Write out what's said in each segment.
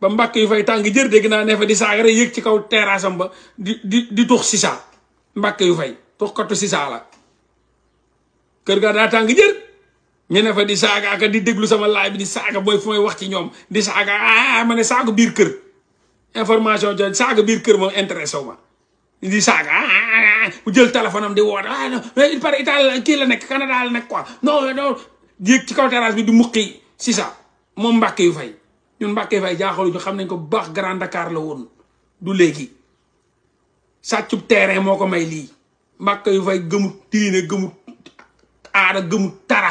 ba mbàkk yu fay tàng jër dégg naa ne fa di saaga rek yëg ci kaw terrassam ba di di di tux sisa mbakk yu fay tux kottu sisa la kër ga daa tàng jër ñu ne di saaga ak di déglu sama laay bi di saaga booy fu may wax ci ñoom di saaga ah ma ne saaga biir kër information jooju saaga biir kër moom intéressé wu ma ah, ah, ah, ah mu jël téléphone am di woote ah non il paraît kii la nekk Canada nekk quoi non non yëg ci kaw terrasse bi di muqi sisa moom mbàkk yu fay. ñun Mbàkke Faye jaaxalu ñu xam nañ ko bu baax Grand Dakar la woon du léegi sàccub terrain moo ko may lii Mbàkke yu fay gëmut diine gëmut aada gëmut tara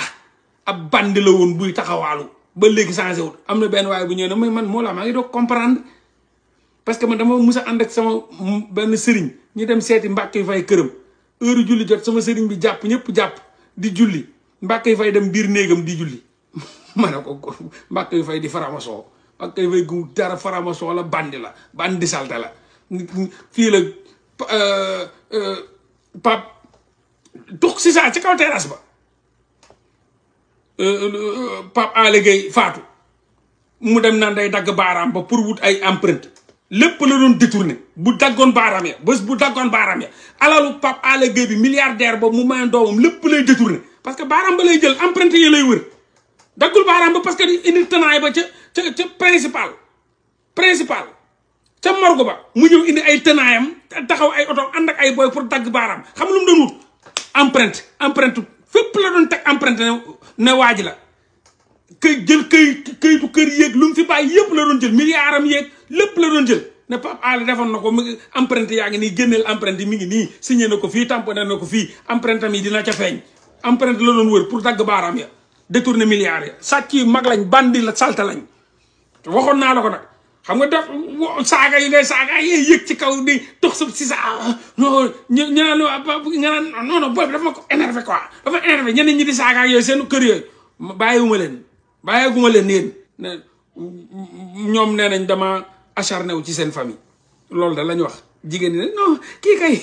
a bandi la woon buy taxawaalu ba léegi changé wul am na benn waaye bu ñëw na may man moo la maa ngi doog comprendre parce que man dama mus a ànd sama benn sëriñ ñu dem seeti Mbàkke yu fay këram heure julli jot sama sëriñ bi jàpp ñëpp jàpp di julli Mbàkke yu fay dem biir néegam di julli ma ne ko yu fay di faramasoo ak kay way gu dara farama so la bandi la bandi salta la fi la euh euh pap dox ci sa ci kaw terrasse ba euh pap alégay faatu mu dem nan day dag baram ba pour wut ay empreinte lepp la doon détourner bu dagone baram ya bes bu dagone baram ya alalu pap alégay bi milliardaire ba mu may doomam lepp lay détourner parce que baram ba lay jël empreinte ya lay wër dagul baram ba parce que indi tanaay ba ci ca ca principal principal ca morgue ba mu ñëw indi ay tenaayam taxaw ay oto ànd ak ay booy pour dagg baaraam xam lu mu doon emprent empreinte empreinte fépp la doon teg empreinte ne waa ji la këy jël këy këyitu kër yéeg lu mu fi bàyyi yépp la doon jël milliardam yéeg lépp la doon jël ne Pape Alé defoon na ko mu ngi yaa ngi nii génneel empreinte yi mi ngi nii signé na ko fii tamponné na ko fii empreinte am yi dina ca feeñ empreinte la doon wër pour dagg baaraam ya détourné milliards ya sàcc yi mag lañ bandi la salte lañ waxoon naa la ko nag xam nga def saaga yi ngay saaga yi yëg ci kaw bi tox sub si sa ah, non ñu ñu naan non non booy bi dafa ma ko énervé quoi dafa ñeneen ñi di saaga yooyu seen kër yooyu bàyyiwuma leen bàyyeeguma leen yéen ñoom nee nañ dama acharné wu ci seen famille loolu da lañ wax jigéen ñi ne kii kay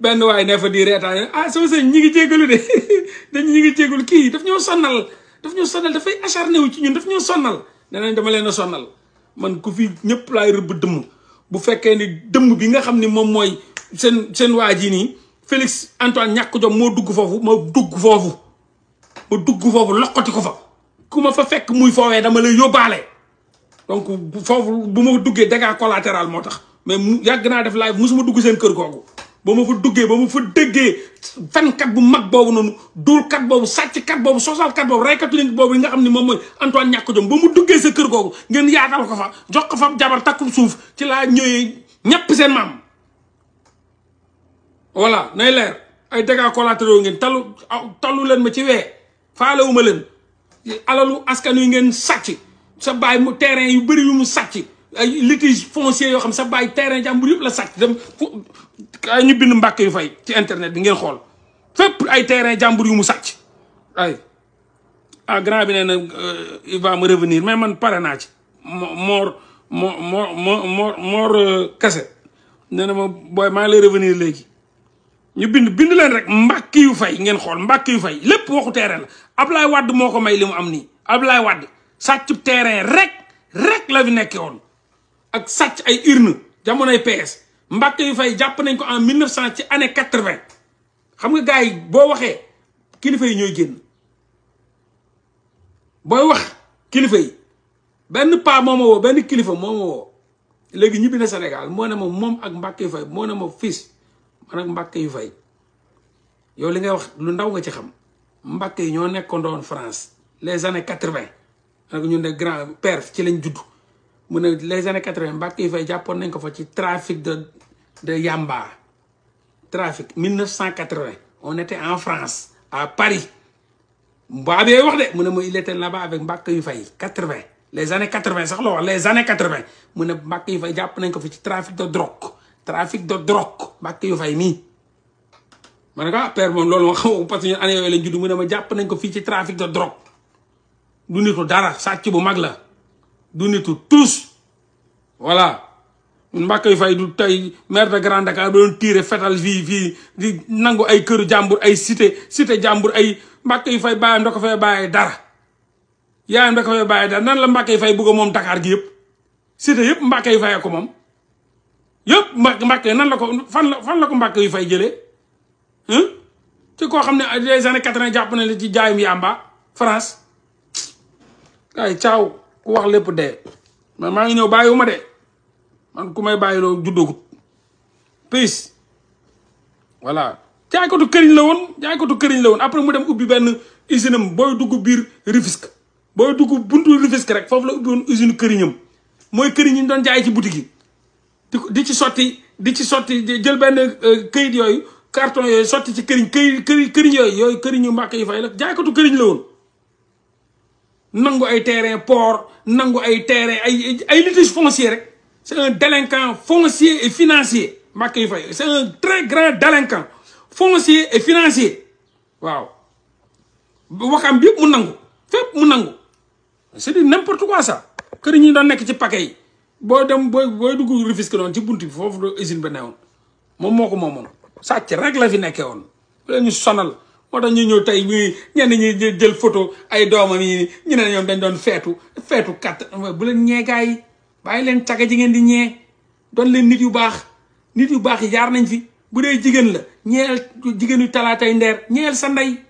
benn waay ne fa di reetaan ah sama ñi ngi jégalu de dañ ñi ngi jégalu kii daf ñoo sonal daf ñoo sonnal dafay acharné wu ci ñun daf ñoo sonnal nee dama leen a sonnal man ku fi ñëpp laay rëbb dëmm bu fekkee ni dëmm bi nga xam ni moom mooy seen seen waa ji nii Félix Antoine ñàkk jom moo dugg foofu ma dugg foofu ma dugg foofu loqati ko fa ku ma fa fekk muy foowee dama lay yóbbaale donc foofu bu ma duggee dégâts collatéral moo tax mais yàgg naa def live musuma dugg seen kër googu ba ma fa duggee ba mu fa dëggee fenkat bu mag boobu noonu duulkat boobu sàcckat boobu sosalkat boobu raykat link boobu yi nga xam ne moom mooy Antoine ñàkk jom ba mu duggee sa kër googu ngeen yaatal ko fa jox ko fa jabar takku suuf ci laa ñëwee ñàpp seen maam voilà nay leer ay dégâts collatéraux ngeen talu talu leen ma ci wee faalewuma leen alalu askan wi ngeen sàcc sa baay mu terrain yu bëri yu mu sàcc ay litige foncier yoo xam sa bàyyi terrain jàmbur yëpp la sàcc dem fu ñu bind mbakk yu fay ci internet bi ngeen xool fépp ay terrain jàmbur yu mu sàcc ay ah grand bi nee na euh, il revenir mais man pare naa ci moor moo moo moo moo moor euh, kese nee na ma booy maa ngi lay revenir léegi ñu bind bind leen rek mbàkk yu fay ngeen xool mbàkk yu fay lépp waxu terrain la Ablaye Wade moo ko may li mu am nii ab Ablaye Wade sàcc terrain rek rek la fi nekkee woon ak sàcc ay urne jamonoy PS Mbacke yu fay jàpp nañ ko en 1900 ci année 80 xam nga gars yi boo waxee kilifa yi ñooy génn booy wax kilifa benn paa moo benn kilifa moo ma woo léegi ñibbi na Sénégal moo ne ma moom ak Mbacke yu fay moo ne ma fils man ak Mbacke yu fay yow li ngay wax lu ndaw nga ci xam Mbacke yi ñoo nekkoon doon France les années 80 nag ñun de grand père ci lañ judd. mu ne les années quatre-vingt Mbacke Faye jàppoon nañ ko fa ci trafic de de Yamba trafic mille neuf cent quatre-vingt on était en France à Paris Mbaye wax de mu ne ma il était là-bas avec Mbacke Faye quatre-vingt les années quatre-vingt sax la wax les années quatre-vingt mu ne Mbacke Faye jàpp nañ ko fa ci trafic de drogue trafic de drogue Mbacke mii. ma ne ko ah père moom loolu ma xaw parce que ñun année yooyu lañ judd mu ne ma jàpp nañ ko fi ci trafic de drogue du nitu dara sàcc bu mag la. du tout tous voilà mbàkk fay du tey maire de Grand Dakar doon tiire fetal vi vi di nangu ay këru jàmbur ay cité cité jàmbur ay mbàkk fay baayam da ko fay bàyyee dara yaayam da ko fay bàyyee dara nan la mbàkk fay bëgg moom Dakar gi yëpp cité yëpp mbàkk fay ko moom yëpp mbàkk mbàkk nan la ko fan la fan la ko mbàkk yu fay jëlee ci koo xam ne années quatre-vingt na la ci jaayum yàmba France ay caaw ku wax lépp de man maa ngi ñëw ma de man ku may bàyyiloo juddoogut peace voilà jaaykatu këriñ la woon jaaykatu këriñ la woon après mu dem ubbi benn usine am booy dugg biir Rufisque booy dugg buntu Rufisque rek foofu la ubbi woon usine këriñam mooy këriñ yi ñu doon jaay ci boutique yi di di ci sotti di ci sotti jël benn euh, këyit yooyu carton yooyu sotti ci këriñ këy këriñ yooyu yooyu këriñu mbàkk yi fay la jaaykatu këriñ la woon nangu ay terrain port nangu ay terrain ay ay litige foncier rek c' est un délinquant foncier et financier Mbacké yu fay c' est un très grand délinquant foncier et financier waaw waxam bi yëpp mu nangu fépp mu nangu c' est du n' importe quoi ça kër yi ñu doon nekk ci paquet yi boo dem booy booy dugg Rufisque noonu ci bunt bi foofu la usine ba newoon moom moo ko moomoon sàcc rek la fi nekkee woon la ñu sonal moo tax ñu ñëw tey ñuy ñenn ñi jël photo ay doomam yi ñu ne ñoom dañ doon feetu feetu kat bu leen ñee gaa yi bàyyi leen caga ji ngeen di ñee doon leen nit yu baax nit yu baax yi jaar nañ fi bu dee jigéen la ñeel jigéenu talaatay ndeer ñeel sa ndey